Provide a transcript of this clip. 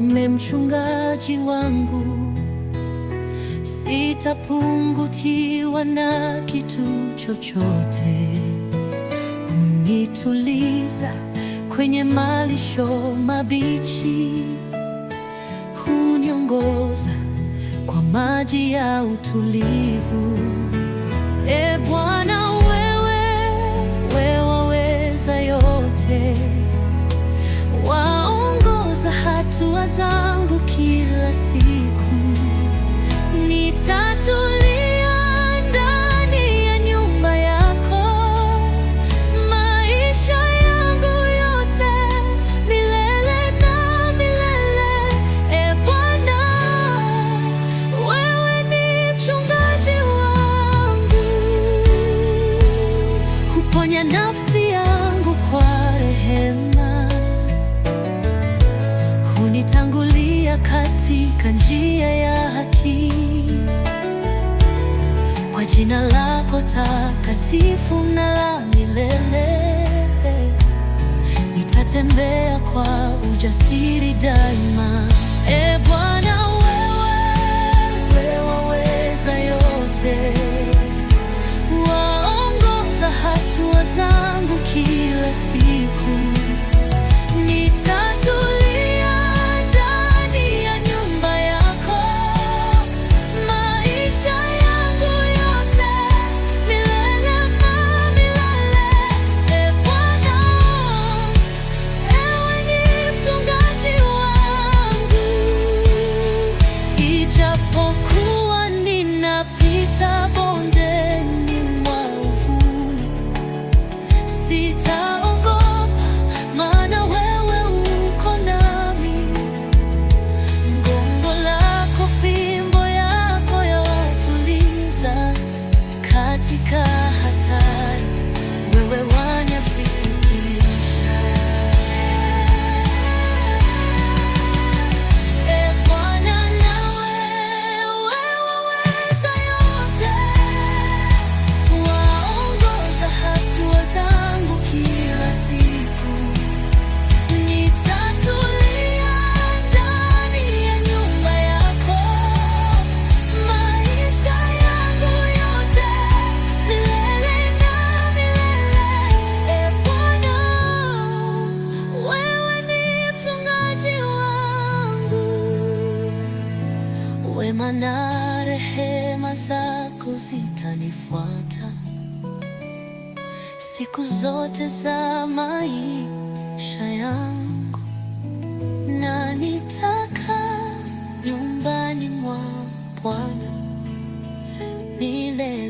Mme mchungaji wangu, sitapungukiwa na kitu chochote. Hunituliza kwenye malisho mabichi, huniongoza kwa maji ya utulivu. Nitaongoza hatua zangu kila siku, nitatulia ndani ya nyumba yako. Maisha yangu yote milele na milele. E Bwana, wewe ni mchungaji wangu, huponya nafsi ya Tangulia katika njia ya haki, kwa jina lako takatifu na la milele, nitatembea kwa ujasiri daima. E Bwana, wewe wewe waweza yote, waongoza hatua zangu kila siku time maana rehema zako zitanifuata siku zote za maisha yangu, na nitaka nyumbani mwa Bwana milele.